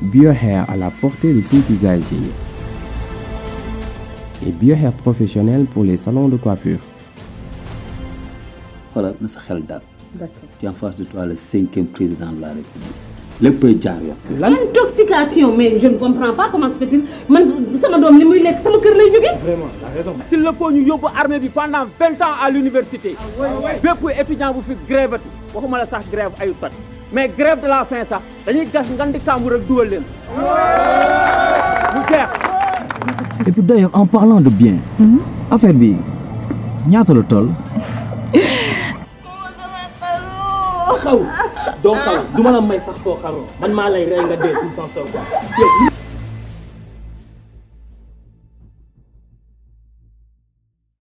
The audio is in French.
BioHair à la portée de tout usager. Et BioHair professionnel pour les salons de coiffure. Voilà na tu es en face de toi le cinquième président de la République. Le peu de L'intoxication, intoxication mais je ne comprends pas comment se fait-il Ça sama donne li muy sama vraiment la raison. s'il le faut ñu yóbbu armée pendant 20 ans à l'université Peu ah pour étudiant bu fi grève waxuma la sax grève ayu grève mais grève de la fin ça. dañuy gas ngandi kambour ak duwal len et puis d'ailleurs en parlant de bien hmm? affaire bi ñaata la toll xaw doo xaw du ma la may sax foo xaroo man maa lay rey nga dee si sans saw yow